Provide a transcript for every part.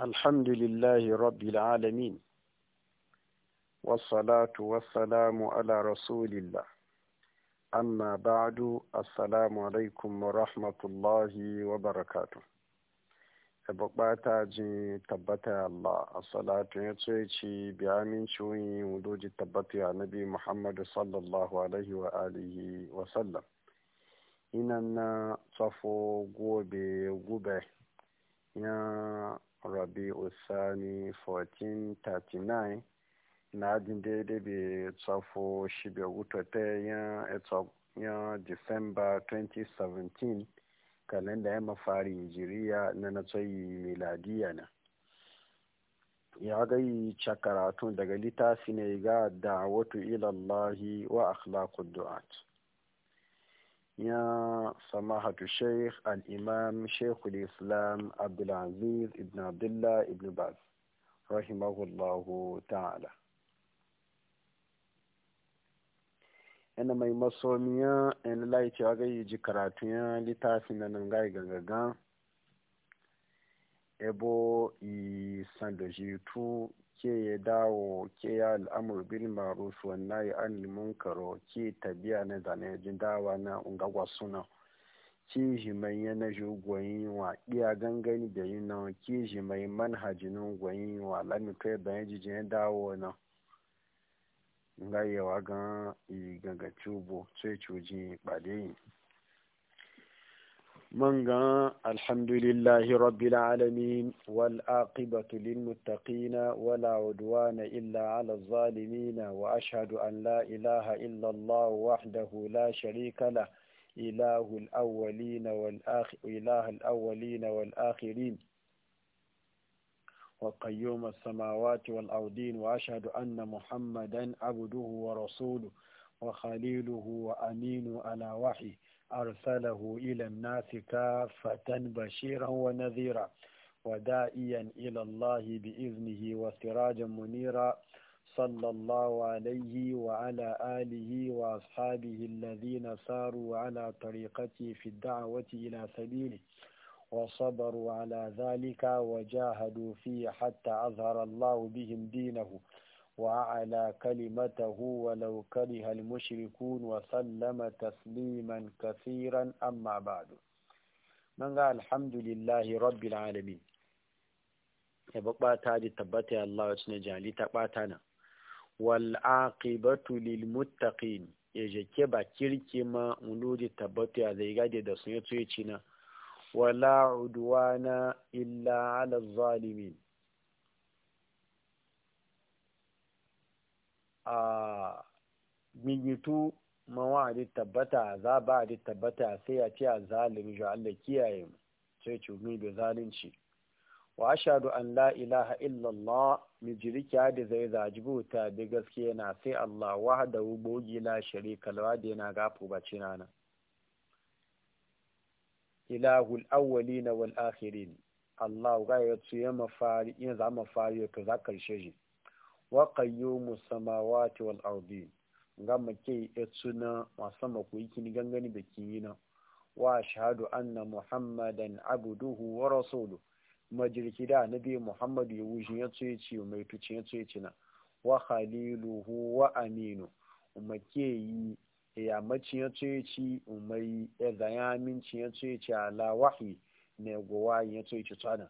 الحمد لله رب العالمين والصلاة والسلام على رسول الله أما بعد السلام عليكم ورحمة الله وبركاته أبقبات جن تبت الله الصلاة يتويتي بعامين شوي ودوج تبت على نبي محمد صلى الله عليه وآله وسلم إننا صفو قوبي قوبي rabi usani 1439 na ajin daidai bai tsafo shibe wuta ta yan disamba 2017 kalenda ya mafari jiriya na na tsayi miladiya na ya gai cakaratun daga littafi ne ga da wato ilallahi wa akhlaqud du'at يا سماحة الشيخ الإمام شيخ الإسلام عبد العزيز ابن عبد الله ابن باز رحمه الله تعالى ina mai masomiya yan laici a gai ji karatu ya littafin na nan gai gangaga ebo i sandoji tu ke ya dawo ke ya al'amur bil ma'ruf wa nahi anil munkaro ke tabiya na zane jin dawa na ungagwa suna ke shi mai yana shi gwayin wa iya gangani da yi na ke shi mai manhajin gwayin wa lamikai ya jijin ya dawo na ngayewa gan yi gangaci ubo sai cuji ɓade yi من الحمد لله رب العالمين والآقبة للمتقين ولا عدوان إلا على الظالمين وأشهد أن لا إله إلا الله وحده لا شريك له إله الأولين والآخر إله الأولين والآخرين وقيوم السماوات والأرضين وأشهد أن محمدا عبده ورسوله وخليله وأمين على وحيه أرسله إلى الناس كافة بشيرا ونذيرا وداعيا إلى الله بإذنه وسراجا منيرا صلى الله عليه وعلى آله وأصحابه الذين ساروا على طريقته في الدعوة إلى سبيله وصبروا على ذلك وجاهدوا فيه حتى أظهر الله بهم دينه وأعلى كلمته ولو كره المشركون وسلم تسليما كثيرا أما بعد من قال الحمد لله رب العالمين يبقى تبتي الله جعلي تباتنا والعاقبة للمتقين يجيكي باكيركي ما ملودي تبتي هذا يقعد دسنية ولا عدوان إلا على الظالمين a migitu tabbata za ba da tabbata sai a ce a zalimi shi Allah kiyaye mu sai cumi da zalunci wa ashadu an la ilaha illallah mi jirkiya da zai zaji ta bi gaske na sai Allah wahdahu bogi la sharika lawa da yana gafu bace nana ilahul awwalin wal akhirin Allah ga ya tsuye mafari in za mafari ka za karshe shi wa qayyumu samawati wal ardi ngamma ke etsuna wasama ku yikini gangani da kiyina wa ashhadu anna muhammadan abduhu wa rasulu majirki da nabi muhammadu ya wuce ya tsoye ci mai tuci ya tsoye cina wa khaliluhu wa aminu umake yi ya maci ya tsoye ci umai ya zaya ya tsoye ci ala wahi ne gowa ya tsoye ci tsanan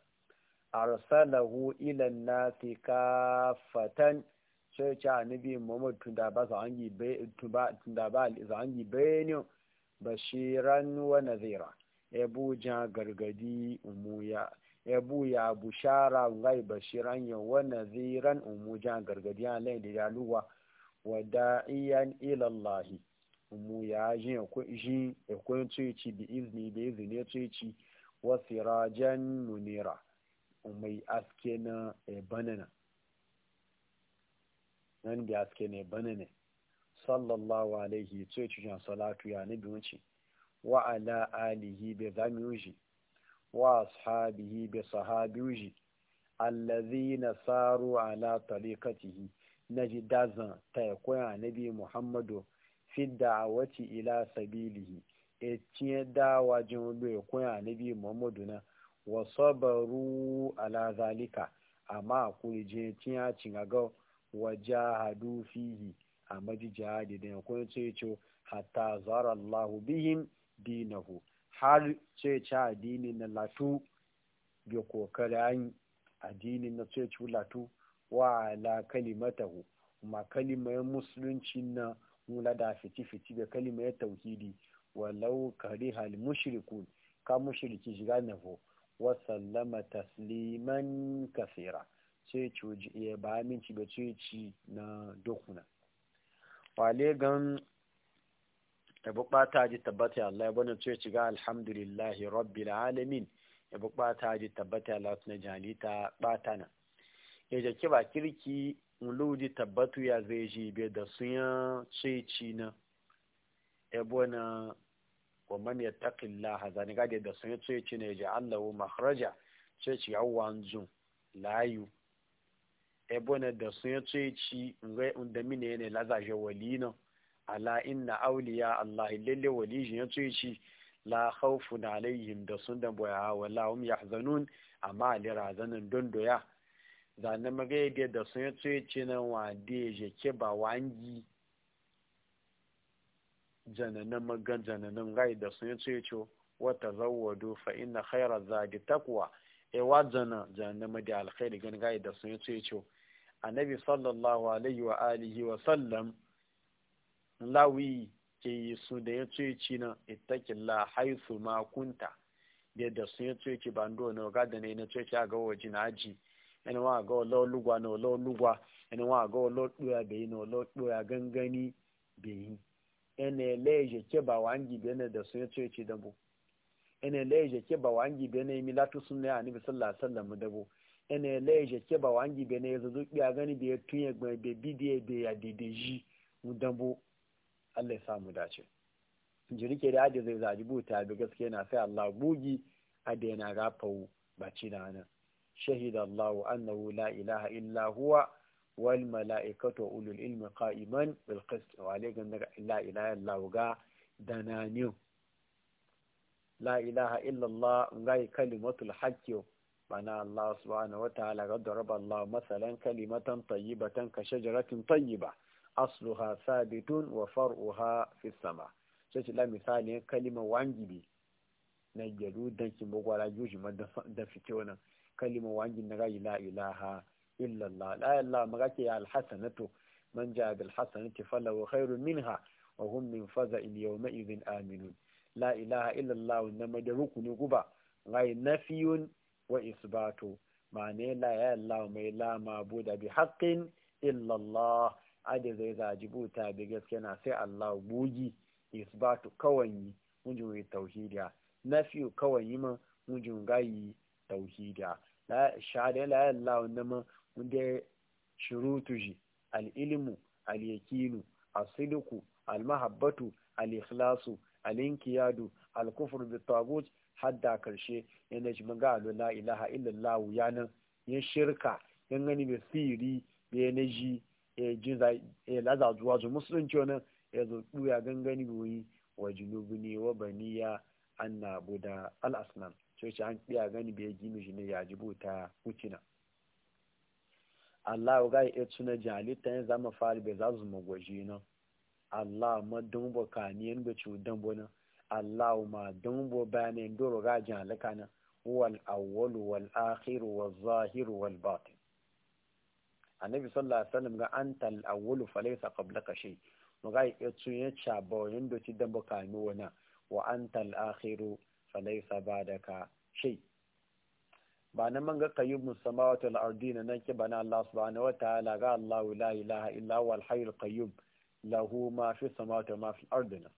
arsalahu ilan nasi kafatan sai ce annabi muhammad tun da ba zangi tunda ba zangi bashiran wa nazira ebu ja gargadi umuya ebu ya bushara ngai bashiran ya wa naziran umu gargadi an lai da yaluwa wa da'iyan ila allah umu ya jin ko jin ko tuci bi izni bi izni tuci wa sirajan munira mai aske na eh, banana nan da aske ne banana sallallahu alaihi ce cikin salatu ya nabi wuce wa ala alihi bi zamiuji wa ashabihi bi sahabiuji allazina saru ala tariqatihi naji dazan ta koya nabi muhammadu fi da'awati ila sabilihi e tiye dawa lo koya nabi muhammadu na wasabaru sabaru ala zalika amma akwai je tiya ga wa hadu fihi a jihadi da yankun sai ce hatta zara Allah bihim dinahu har sai ce addinin na latu bi kokarin addinin na sai ce latu wa ala kalimatahu ma kalimar musulunci na mula da fiti-fiti da kalimar tauhidi walau kari hal mushrikun ka mushriki shiga nafo wasallama tasliman kasira sai cuji ya ba minci ba ce ci na dokuna wale gan ya bukata ji tabbata Allah ya bani ce ci ga alhamdulillahi rabbil alamin ya bukata ji tabbata Allah na jalita batana ya jaki ba kirki muluji tabbatu ya zai ji be da sunya ce ci na ya wa man yattaqillaha zani gade da sun ce ne ja Allahu makhraja ce ci yawan layu e bona da sun yace ci ngai unda mine ne je walina ala inna awliya Allah lalle wali ya yace ci la khawfun alaihim da sun da boya wala hum yahzanun amma li razanin dondoya zanen magayade da sun yace ci nan wa de je ke ba wangi jananan magan jananan gai da sun ce ce wata zawwado fa inna khaira zadi takwa e wa jana jana da alkhairi gan gai da sun ce ce annabi sallallahu alaihi wa alihi wa sallam lawi ke su da ya ce ce na ittaqilla haythu ma kunta da da sun ce ce bando na ga da ne na ce ce ga waje na aji ina wa ga lo lugwa no lo lugwa ina wa ga lo doya bai no lo doya gangani bai ene leje ke ba wangi bene da sun yace ce dabo ene leje ke ba wangi bene mi latu sunna annabi sallallahu alaihi wasallam dabo ene leje ke ba wangi bene yazo zukiya gani da tun ya gbe be bidiye be ya dedeji mu dabo Allah ya samu dace jirike da aje zai zaji buta bi gaskiya na sai Allah bugi a daina gafawu ba ci da nan shahidallahu annahu la ilaha illa huwa wal mala'ikatu ulul ilmi qa'iman bil qist wa alaykum la ilaha illa huwa dananiyo la ilaha illa allah ngai kalimatul haqqi bana allah subhanahu wa ta'ala qad daraba allah masalan kalimatan tayyibatan ka shajaratin tayyiba asluha sabitun wa far'uha fi sama sai la misali kalima wangibi na jaru dan kin bugwara juji da fike wannan kalima wangin na la ilaha illallah la yalla magake ya alhasanatu man ja bil hasanati falahu khairun minha wa hum min faza'in yawma idhin aminun la ilaha illallah na da ne guba gai nafiyun wa isbatu ma'ana la ya yalla mai la mabuda bi haqqin illallah ade zai zajibuta bi gaskiya na sai Allah bugi isbatu kawai mujin yi tauhidiya nafiyu kawai yi mujin gayi tauhidiya la shahada la ilaha illallah wanda shurutu shi al'ilimu al'yakinu asidiku almahabbatu al'ikhlasu al'inkiyadu alkufur bitagut hadda karshe yana ji maga alo la ilaha illallah ya nan ya shirka yan gani bai siri bai na ji ya e e laza zuwa zu musulunci wani ya zo ɗuya gangani goyi wa junubu ne wa baniya an na buda al'asnan sai ce an ɗiya gani bai gini shi ne ya jibuta wucina Allah ga ya tuna jalita ya zama fari bai za su magwaji na Allah ma dumbo kaniyan ba ci bo na Allah ma dumbo bayanin doro ga jalika na wal awwal wal akhir wal zahir wal batin annabi sallallahu alaihi wasallam ga antal awwalu falaysa qablaka shay ga ya tuna chabo yando ci dumbo kaniyo na wa antal akhiru falaysa badaka shay ba na manga qayyumus samawati wal ardina nan ke bana Allah subhanahu wa ta'ala ga Allah la ilaha illa huwa al hayyul qayyum lahu ma fi samawati ma fi ardina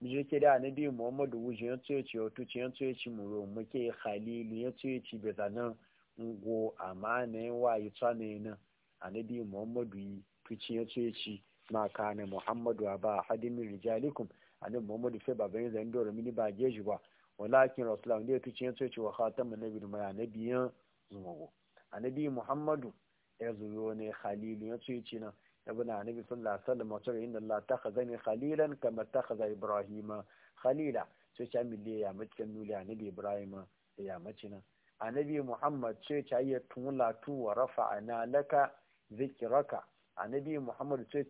mije ke da nabi Muhammadu wuje ya tsoye ci to ci ya tsoye ci muro muke khalilu ya tsoye ci be zanan ngo amane wa yi tsane na annabi Muhammadu yi fice ya tsoye ci ma kana Muhammadu ba hadimin rijalikum annabi Muhammadu sai baban zan dora mini ba geji ba walakin rasulullah ne tuci yanzu ce wa khatamun nabi da mai anabiyan zumago anabi muhammadu ya zuyo ne khalilu yanzu ya ce nan ibn anabi sallallahu alaihi wasallam wato inda allah ta khazani khalilan kamar ta khaza Ibrahim khalila sai ce amille ya mace nuli anabi ibrahima da ya mace nan anabi muhammad sai ce ya tumula wa rafa'ana laka zikiraka annabi muhammadu sai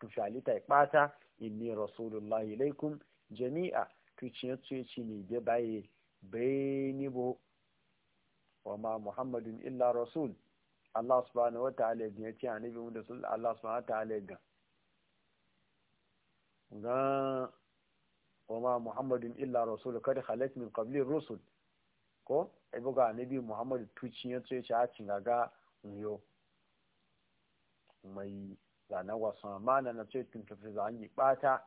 tushali ɓata inni rasulullahi ilaikum jami'a tuciyar tuyaci ne bai baye bai nibo wa ma muhammadin illa rasul Allah subhanahu wata'ala ya ce annabi mu da sun Allah subhanahu wata'ala ga ga wa ma muhammadin illa rasul kad khalat min qabli rusul ko ai buga annabi muhammadu ya tuyaci a cin gaga yo mai zanen wasu mana na ce tun tafi zanyi bata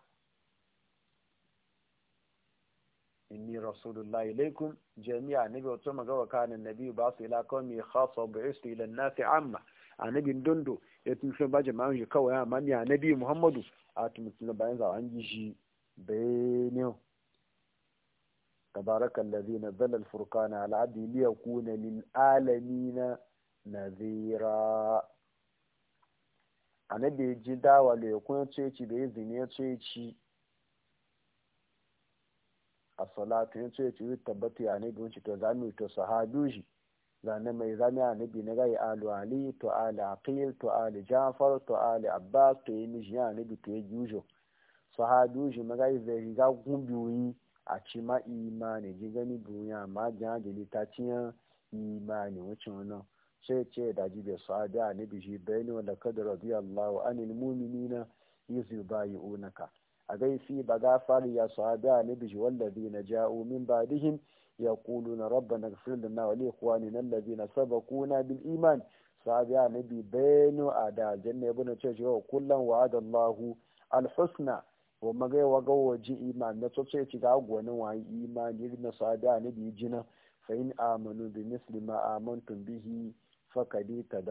inni rasulullahi ilaikum jami'a nabi wato magawa kanin nabi ba su ila kawai mai khasa ba isu ila nasi amma a nabin dondo ya tushen ba jama'a shi kawai amma ni a nabi muhammadu a tumutu bayan zawa an gishi benin tabaraka allazi nazzala al-furqana ala liya kuna lil alamin nadhira anabi ji dawa le kun ce ci da izini ya ce ci a salatu yin tsoye cikin tabbata ya ne bin to zami to sahabuji zane mai zami a ne na gai alu ali to ali aqil to ali jafar to ali abbas to yi mishi ya nabi to yi jujo sahabuji magai zai riga gun biyoyi a ci ma imani ji gani duniya ma jajili ta yan imani wucin wannan sai ce da jibe sahabi a nabi shi bayani wanda kada radiyallahu anil mu'minina yuzu unaka a gaifi ba gafari ya sahabi a nabi ji wallazi na ja'u min badihim ya kulu na rabba na gafir da na wale kuwa ne nan na saba kuna bil iman sahabi a nabi bayanu a da janna ibn cewa cewa kullum wa'ada allahu alhusna wa magaiwa gawa ji iman na tsotse ci ga gwanin wa imani na sahabi a jina fa'in amanu bi misli ma amantum bihi fakadi da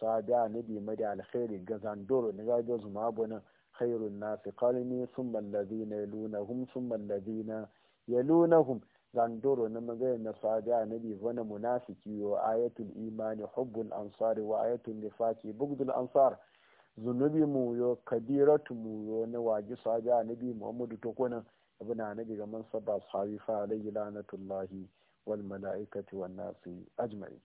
sahabi a nabi mada alkhairi ga zandoro na gajiyar zuma abu nan khairun nasi qalmi thumma alladhina yalunahum thumma alladhina yalunahum zandoro na magana na sada annabi wani munafiki wa ayatul imani hubbul ansari wa ayatul nifaqi bugdul ansar zunubi mu yo kabiratu mu yo na waji sada annabi muhammadu to kona abu na annabi ga man sabba sahabi fa alayhi lanatullahi wal malaikati wan nasi ajma'in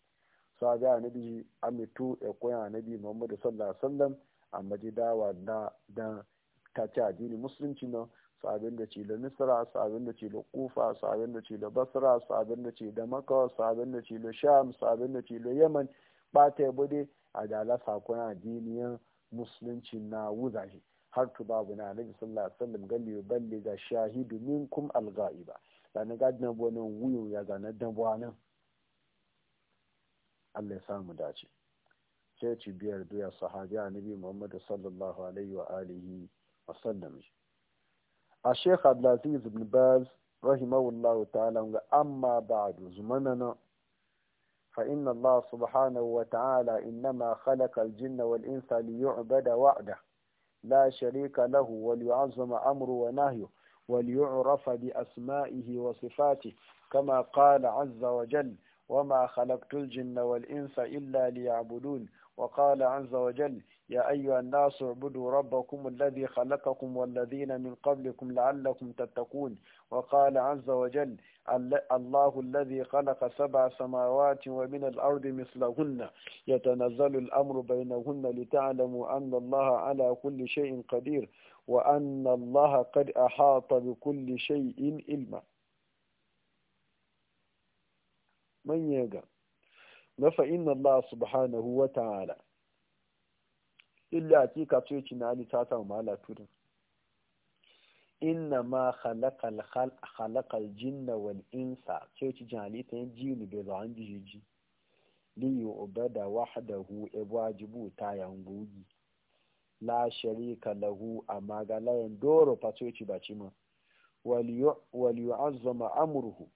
sada annabi amitu e koya annabi muhammadu sallallahu alaihi wasallam amma dai dawa da da ta ci addini musulunci nan sabin da ce da misra sabin da ce da kufa sabin da ce da basra sabin da ce da maka sabin da ce da sham sabin da ce da yaman ba ta yi bude a dala sakon addiniyar musulunci na wuzaje har tu babu na alaihi sallallahu alaihi wasallam galli balli ga shahidu minkum alghaiba zane gadna bonan wuyo ya zane dabwanan Allah ya samu dace sai ci biyar duya sahabi annabi muhammad sallallahu alaihi wa alihi wa sallam a sheikh abdulaziz ibn baz rahimahullahu ta'ala ga amma ba'du na. fa inna allah subhanahu wa ta'ala innama khalaqa al-jinna wal insa yu'bada wa'da la sharika lahu wa liyu'azzama amru wa nahyu وليعرف kama kala كما قال wa وجل وما خلقت الجن والإنس إلا ليعبدون وقال عز وجل يا أيها الناس اعبدوا ربكم الذي خلقكم والذين من قبلكم لعلكم تتقون وقال عز وجل الله الذي خلق سبع سماوات ومن الأرض مثلهن يتنزل الأمر بينهن لتعلموا أن الله على كل شيء قدير وأن الله قد أحاط بكل شيء علما من يقال na fa'in Allah subhanahu wa ta'ala illa ki ka ce ci na ta ta mala tudun inna ma khalaqal jinna wal insa ce ci jani ta jini be an jiji li yu'bada wahdahu e wajibu ta yangugi la sharika lahu amma ga layan doro fa ba ci baci ma wal yu'azzama amruhu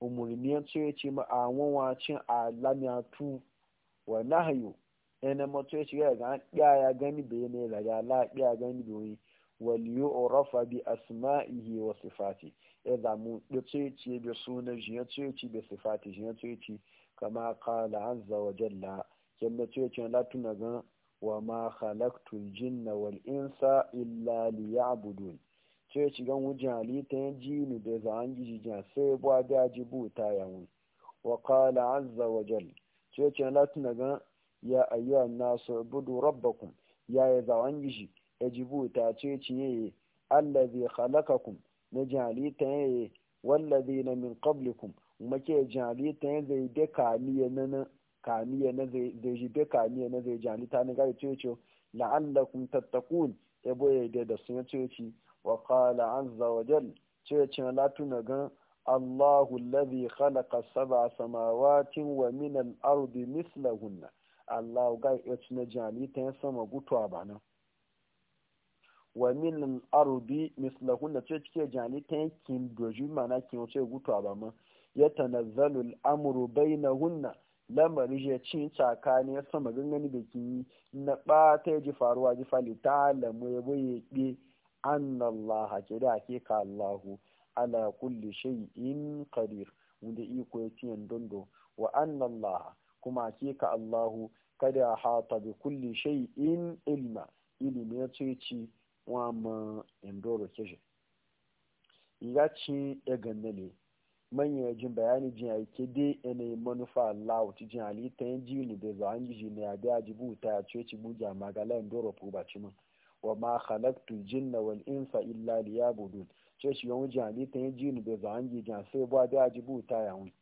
umurniyan to ya ce ma'awon wacin alamiyatu wa nahayu yana mato ya ce ya a ya gani da ya ne daga la ya gani da wani waliyu orafa bi wa sifati ya zamu da to ya ce bi suna shi ya ya ce bi sifati shi ya ce kama kala an wa jalla yadda to ce tuna gan wa ma khalaqtul jinna wal insa illa liya'budun sai shigan wujin halitta ya ji ni da za'an gijijin sai ya buwa da ji buta ya mu wa kala azza wa jal sai ce latin gan ya ayyuwa nasu budu rabbakun ya yi za'an giji ya ji buta ce ce ya yi allazi halakakun na jin halitta ya yi wallazi na min kablikun kuma ke jin halitta ya zai da kamiya na na kamiya na zai ji da kamiya na zai jin halitta na gari ce ce la'allakun tattakun ya boye da sun ce ce wa qala an wa jal ce ce latuna gan Allahu alladhi khalaqa samawa samawati wa min al-ardi mislahunna Allah ga ya tuna jali ta sama gutu a bana wa min al-ardi mislahunna ce cike jali ta kin doji mana kin wuce wace gutwa ba ma yatanazzalu al-amru bainahunna lamari je cin tsakani ya sama gangani da ki na ba ta ji faruwa ji fali ta lamu ya boye annallaha ke da ka allahu ala kulli shay'in qadir wanda iko ya ciyan dondo wa annallaha kuma ka allahu kada hata bi kulli shay'in ilma ilimi ya ce ci wa ma indoro keje iga ci ganna ne manyan jin bayani jin aike dai yanayi manufa Allah wata jin halittar yin jini da zuwa an jini ya biya jibuta ya ce ci buja magala indoro ko ba ci mun wa ma khalaqtul jinna wal insa illa liyabudun ce shi yawan jani ta yin jini bai za hangi jan sai ba da ajibu ta yawon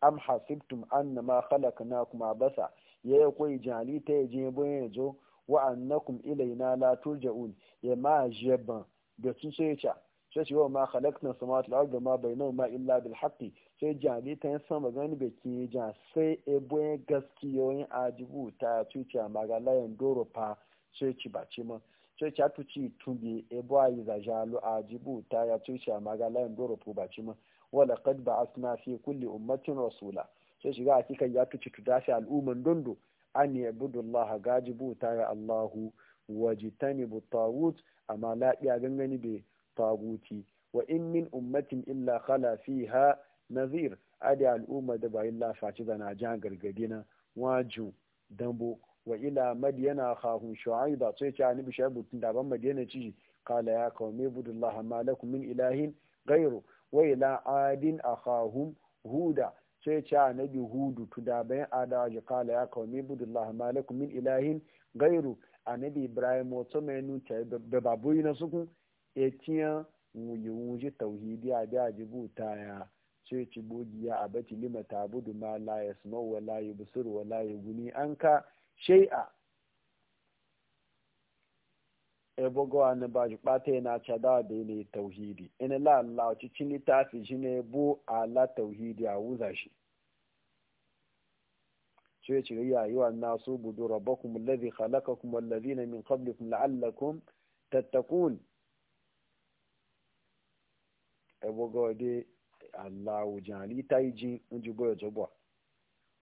am hasibtum anna ma khalaqnakum abasa yi koyi jani ta yin bayan yajo wa annakum ilaina la turja'un ya ma jeban da sun sai ta ce shi ma khalaqna samawati wal arda ma bainahuma illa bil haqqi sai jani ta yin sama gani da ke jan sai e bayan gaskiyoyin ajibu ta tuciya magalayan doro fa tsoci ba ce ma tsoci atu ci tumbi ebo za jalu a jibu ta ya a magala yin doro ba ce ma wala kad ba suna fi kulli ummatin rasula sai shiga a kikan ya tuci tu dafi al'umman dondo an yi budu ga jibu ta ya Allahu wajitani bu tawut amma lafiya gangani bai taguti wa in min ummatin illa khala fiha nazir adi al'umma da bayin lafaci da na jan gargadi na waju dambo wa ila madiyana khahum shu'aiba sai ce bi shu'aibu tun daban madiyana ci kala ya qaumi budullah ma lakum min ilahin ghairu wa ila adin akhahum huda sai ce annabi hudu tun daban adawa ji Kala ya qaumi budullah ma lakum min ilahin ghairu anabi ibrahim wato mai nuta da baboyi na suku etiyan wuyi wuji tauhidi a da jibuta ya sai ci bogiya a bati lima tabudu ma la yasma wa la yubsir wa la yughni anka shai'a ebogowa na ba bata yana cadawa da yanayi tauhidi ina la'allah cikin littafi shi ne bu ala tauhidi a wuza shi ce ya cire yayiwa nasu budu rabbakum allazi khalaqakum wallazina min qablikum la'allakum tattakun ebogowa dai allah wujali ta yi jin in ji boye jagwa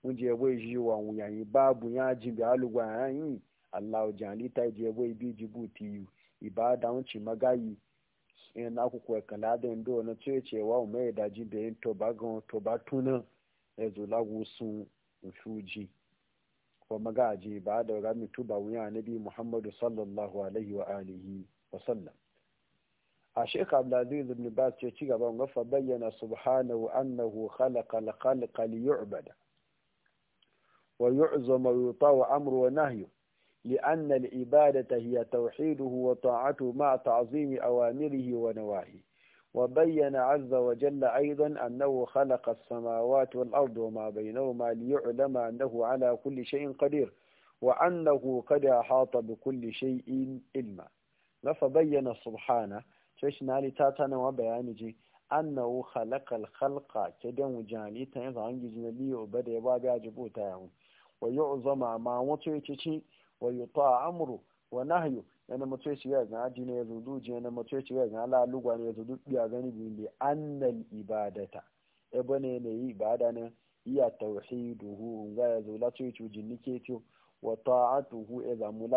wunje bai ji wa wuyayi babu ya ji bi alugwa yayin Allah jani ta je bai bi jibuti ibada wuce magayi in akwụkwọ ekele adị ndị ọnụ tụọ chewa ume daji be tobago tobatuna ezulagu sun mfuji wa magaji ba da ga wuya nabi muhammadu sallallahu alaihi wa alihi wa sallam a sheikh abdulaziz ibn bas ce ci gaban gafa bayyana subhanahu annahu khalaqa al-khalqa li yu'bada ويعظم ويطاع أمره ونهيه لأن العبادة هي توحيده وطاعته مع تعظيم أوامره ونواهيه وبين عز وجل أيضا أنه خلق السماوات والأرض وما بينهما ليعلم أنه على كل شيء قدير وأنه قد أحاط بكل شيء علما فبين سبحانه تشنا لتاتنا وبيانجي أنه خلق الخلق كدن وجاني تنظر عن جزنا لي وبدأ يبقى جبوتا يوم wa yi uzama ma wato ya cici amuru wa nahyu yana mato ya ga adina ya zudu ji yana mato ya ga ne zudu ya gani bi annal ibadata e bane ne yi ibada ne iya tauhiduhu ga ya zo la tuyi tujin nike to wa ta'atuhu e za mu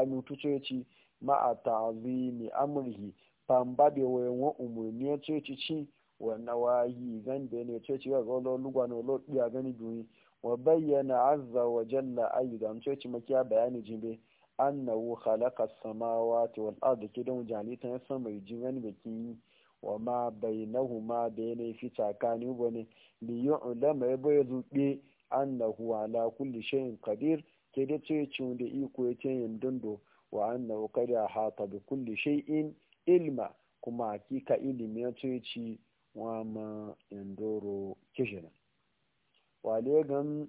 ma a ta'zimi amrihi pamba be we won umurni ya tuyi ci wa nawahi gan be ne ya ga lo ya gani wa bayyana azza wa jalla ayyuka coci makiya bayani jibe annahu khalaqa as-samawati wal ardi kidan jalitan samai jiban baki wa ma bainahuma bayna fi takani bane li yu'lama yabo zuke annahu ala kulli shay'in qadir kede coci da iko yake yin wa annahu qad ahata bi kulli shay'in ilma kuma hakika ilimi ya coci wa ma indoro kishina wale gan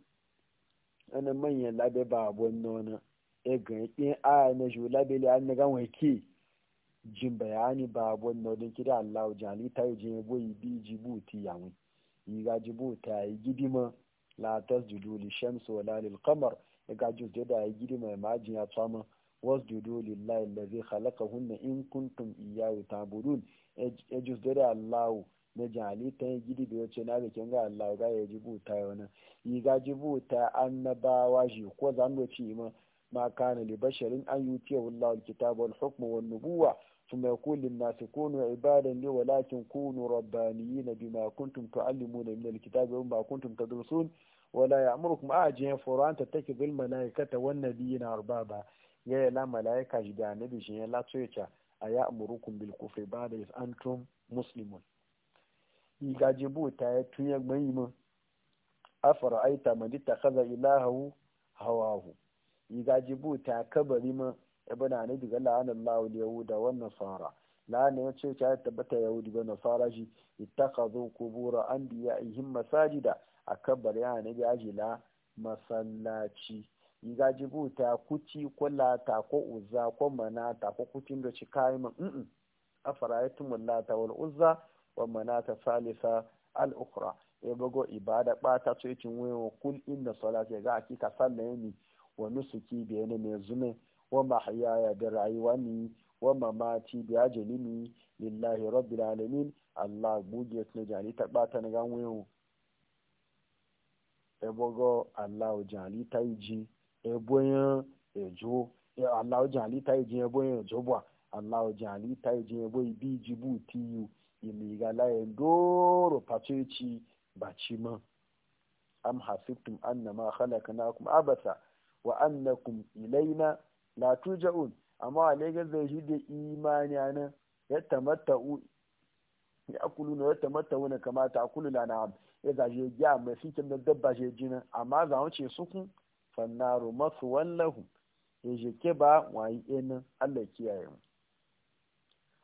ana manyan labe ba abun nona e eh, gan kin eh, aya na ju labe le an gan wai jin bayani ba abun nona kida Allah jali ta jin boyi bi jibuti yawi yi ga jibuti yi gidima la tasjudu li shams la lil qamar e ga ju da yi gidima ma jin ya tsama wasjudu lillahi allazi khalaqahunna in kuntum iyyahu ta'budun e eh, ju da Allah na ta yi gidi da ce na zakin ga Allah ga ya ji buta ya wani yi ga ji buta an na ba wa shi ko za mu ci ma ma kana ne basharin an yi ce wala kitabu wal hukmu wal nubuwa su mai kulin na su kunu ibadan ne walakin kunu rabbaniyi na bi ma kuntum to alimu na minal kitabu ma kuntum ta dursun wala ya amuru kuma a jiyan furan ta ke bil malaika ta wannan biyu na arbaba ya yi la malaika shi da na shi ya latsoyi a ya amuru kun bil kufai ba da antum musulman. gaje ta ya ya gbanyi ma afara aita ma ta kaza ilahu hawahu gaje bota kabari ma na ne diga la'anan lawul yahuda wan nasara la'ana ya ce ta tabbata yahudi ga nasara shi ittakhadhu qubura anbiya'ihim masajida a kabar ya anabi ajila masallaci gaje bota kuci ta ko uzza ko manata ko kucin da ci kayan afara aitumul lata wal uzza wa manata salisa al-ukhra ya bago ibada bata to yakin wayo kul inna salati ga hakika sallan ni wa nusuki bi ne ne zume wa ya da rayuwa ni wa mamati bi ajalini lillahi rabbil alamin Allah buje ne jali ta bata na gan wayo ya bago Allah jali ta yi eboyan ejo Allah jali ta yi eboyan ejo bwa Allah jali ta yi eboyi bi jibuti la laye doro fatoci ba ci man am hasibtum annama khalaqnakum abasa wa annakum ilaina la tuja'un amma alega zai shi da imani nan ya tamatta'u ya akulu na ya tamatta'u na kamata akulu na na ya zaje ya mai fitin da dabba je jina amma za mu ce suku fannaru masu wallahu ya je ke ba wayi enin Allah kiyaye mu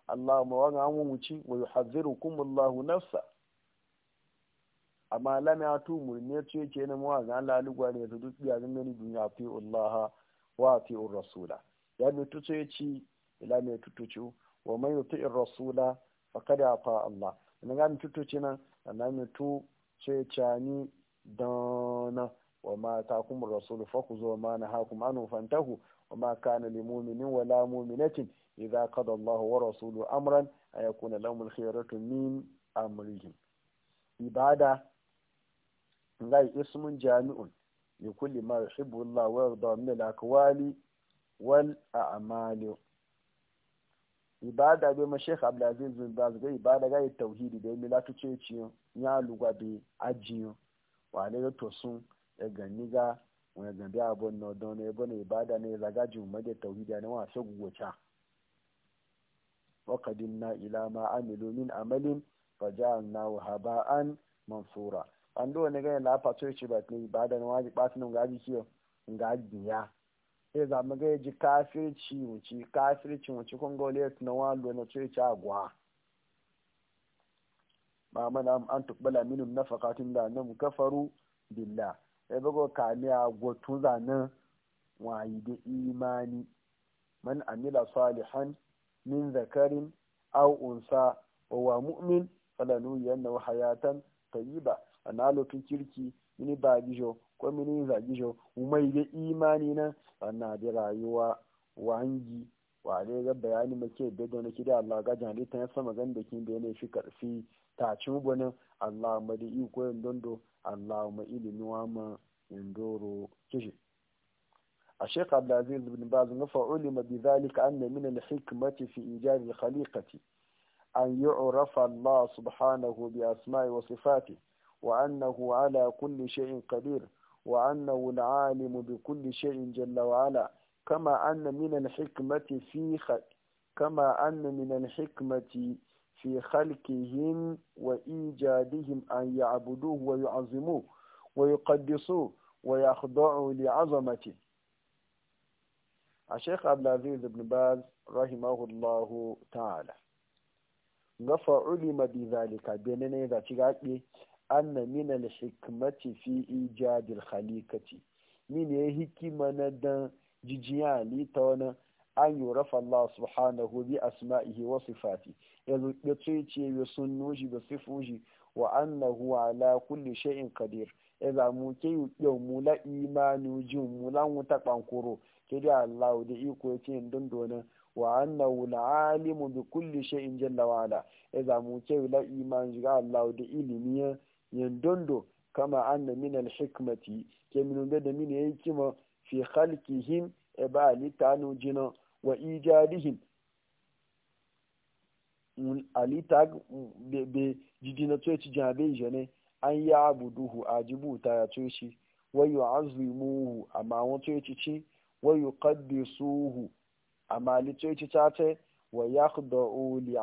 Allah ma wani an wuce wa yuhadhirukum Allahu nafsa amma lam yatu murne ce ke na mawa ga Allah lugwa ne su duk biya zan gani duniya fi Allah wa fi rasula ya ne tuto ya ci ila ne tutuci wa man yuti rasula ya fa Allah ina ga tutuci nan na ne tu ce ni dana wa ma ta kuma rasulu ku zo ma na ha kuma anu fantahu wa ma kana limuminin wala mu'minatin idza qada Allahu wa rasuluhu amran ay yakuna lahum al-khiyaratu min amrihim ibada ngai ismun jami'un li kulli ma yuhibbu Allah wa yarda min al-aqwali wal ibada be ma Sheikh Abdul Aziz bin Baz ga ibada ga tauhidi da milatu ceciyo ya lugwa be ajiyo wa ne to sun e ganiga wani gambe abun na don ne ibada ne zaga jumma da tauhidi ne wa shagu wacha وقدمنا إلى ما عملوا من عمل فجعلناه هباء منثورا an do ne na la fato ce ba ne ba da waji ba sun ga ji kiyo ga biya sai za mu ga ji kafirci wuci kafirci wuci kun ga le na wallo na ce ta gwa ma mana an tukbala minum nafaqatin da nan kafaru billah sai e bago gotu zanen wayi da imani man amila salihan min zakarin aw unsa wa wa mu'min falanu yanna hayatan tayyiba ana lokin kirki mini ba gijo ko mini za gijo umai ga imani na ana da rayuwa wangi wa ne ga bayani muke da don kida da Allah ga jani ta sama magan da kin da ne shi karfi ta ci gona Allah madi da iko don do Allah ma ilimi wa ma indoro kishi الشيخ عبد العزيز بن باز علم بذلك أن من الحكمة في إيجاد الخليقة أن يعرف الله سبحانه بأسماء وصفاته وأنه على كل شيء قدير وأنه العالم بكل شيء جل وعلا كما أن من الحكمة في كما أن من الحكمة في خلقهم وإيجادهم أن يعبدوه ويعظموه ويقدسوه ويخضعوا لعظمته a sheikh abdulaziz ibn baz rahimahullahu ta'ala ga fa'uli ma zalika bene ne da ci gaɓe anna min al hikmati fi ijad al khaliqati min ya hikima na dan jijiya halitta wani an yi rafa Allah subhanahu bi asma'ihi wa sifati ya zuɓe ce ya sunnu shi da sifu wa annahu ala kulli shay'in qadir ya zamu ke yau mu la imanu jin mu lan wuta kankuro kiri Allah da iko ya ce don donin wa annahu la'alimu bi kulli shay'in jalla wa ala ya mu ce la iman ga Allah da ilimi yan dondo kama anna min al hikmati ke min da da min yake ma fi khalqihim e ba ali tanu jina wa ijadihim ali tag be jidina to ci jabe jene an ya abuduhu ajibu ta ya to shi wa yu'azzimuhu amma won to ci wa yuqaddisuhu amma تاتي tace لعظمته yakhda'u li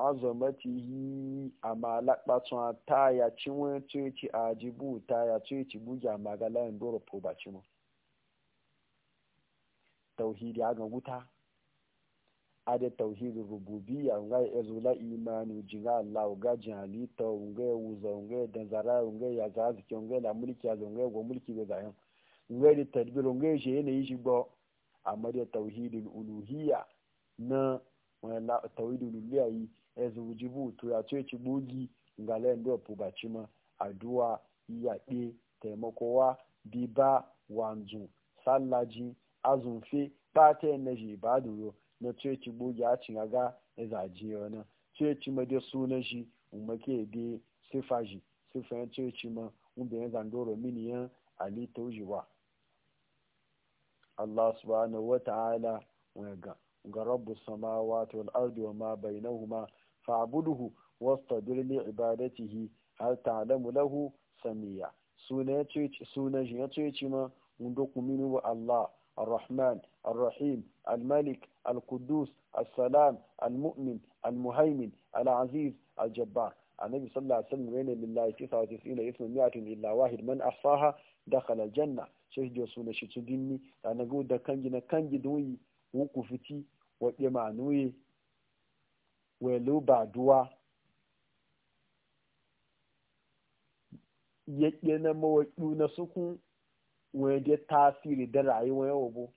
تايا amma laqbatun ta ya cinwe بوجا ajibu ta ya tuci buja magala ndoro tauhidi aga wuta ada tauhidi rububiyya nga ezula imani jinga Allah ga jalita nga wuza nga danzara nga ya nga la mulki ya go mulki be nga tadbir nga je ne yi amma da tauhidul uluhiyya na wani eh, tauhidul yi ya eh, zuwuji to ya ce ci bugi ga layan da fubaci ma addu'a yaɗe taimakowa biba wanzu sallaji azunfe ɓata yin naji ba duro na ce ci bugi a cin aga ya eh, zaji wani ce ci ma da sunan shi umake da sifaji shi ce ci ma umbe ya doro miniyan ali Allah subhanahu wa ta'ala ga rabbu samawati wal ardi wa ma bainahuma fa'buduhu wastabir li ibadatihi hal ta'lamu lahu samiya sunan shi ya ce ma wanda ku minu wa Allah الرحمن الرحيم الملك القدوس السلام المؤمن المهيمن العزيز الجبار النبي صلى الله عليه وسلم وين لله 99 اسم 100 إلا واحد من أحصاها دخل الجنة sai da suna shi su dinni da na go da kangi na kangi da wuyi wuku fiti wa de manuye we ba duwa yake na mawaƙi na suku wani da tasiri da rayuwa yawa bu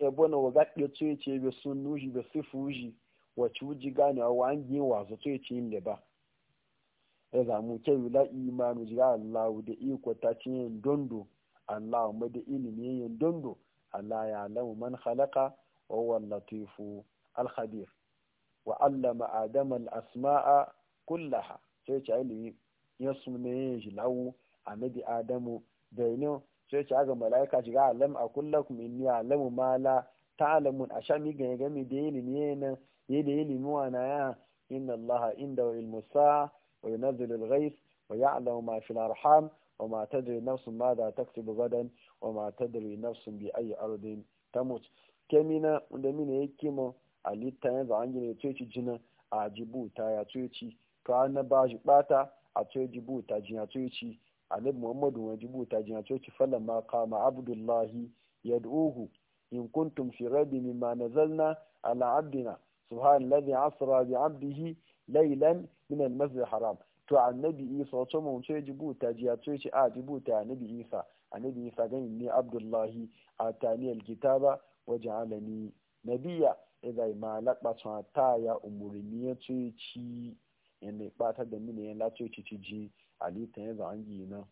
ebo na waga ɗaya ce ce bai sun nushi bai sifu ji wacce wuji gane wa an yi wasu tsoye ce yin da ba ya zamu kyau la imanu jiga Allah da iko ta cin dondo Allah ma da ilimi yin dondo Allah ya lamu man khalaqa wa huwa latifu al khabir wa allama adama al asma'a kullaha sai ce ilimi ya sunne shi lawu annabi adamu bainu sai ce ga malaika jiga alam a kullakum inni alamu ma la ta'lamun mi ga ga mi da ilimi ne ne da ilimi wa na ya inna allaha inda ilmu وينزل الغيث ويعلم ما في الأرحام وما تدري نفس ماذا تكسب غدا وما تدري نفس بأي أرض تموت كمينا ودمينا يكيمو alittan za an gina ya ci jina a jibuta ya ci ka na ba shi bata a ce jibuta jina ci annabi muhammadu wa jibuta jina ci falan ma kama abdullahi yad'uhu in kuntum fi rabi mimma nazalna ala abdina abdihi laylan min al haram to annabi isa wato mun ce jibuta jiya to ce a jibuta annabi isa annabi isa gani ne abdullahi atani al-kitaba wajen alani nabiya idza ma laqata ta ya umurni ya ce ci ne da mini ya la ce ci ji ali ta ya zangi na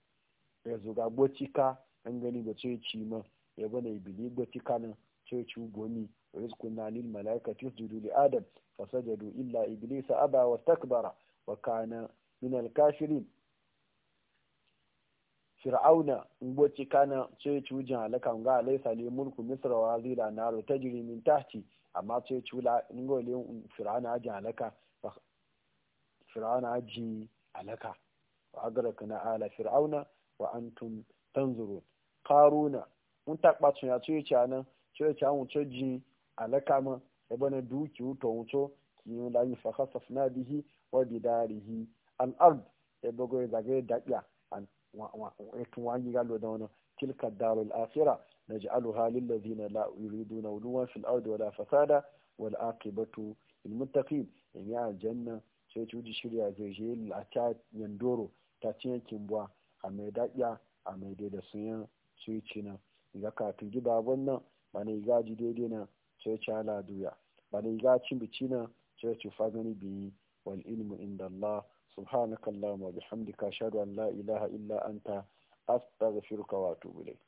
ya zuga gocika an gani ga ce ci ma ya bana ibili gocika nan ce ci gomi rizqu na lil malaikati yasjudu li adam fasajadu illa iblisa aba takbara. wa kana min alkashirin fir'auna in boci kana ce cujin halaka nga alaisa ne mulku misra wa zira naro ta jiri min tahti amma ce cula in gole fir'auna ajin halaka fir'auna ajin halaka wa agaraka na ala fir'auna wa antum tanzurun karuna mun takpa tun ya ce ce nan ce ce an wuce jin halaka ma ya bana duki wuto wuto ki yi layi fa khasafna bihi wa bidarihi al'ard ya bago ya zagaye daɗiya a wani galo da wani tilka darul akhira na ji aluha lillazina la yuriduna wuluwan fil wala fasada wal aqibatu lil muttaqin in ya aljanna sai tuji shirya zai je a ta yandoro ta ci yankin buwa a mai daɗiya a mai da sun yi ci nan ga kafin gida wannan ba na iga ji daidai na sai ci ala duya ba ga cin bici na sai ci fagani biyi wal ilmu inda Allah subhanakallahumma hamdi ashhadu an la ilaha illa anta astaghfiruka wa wato ilayk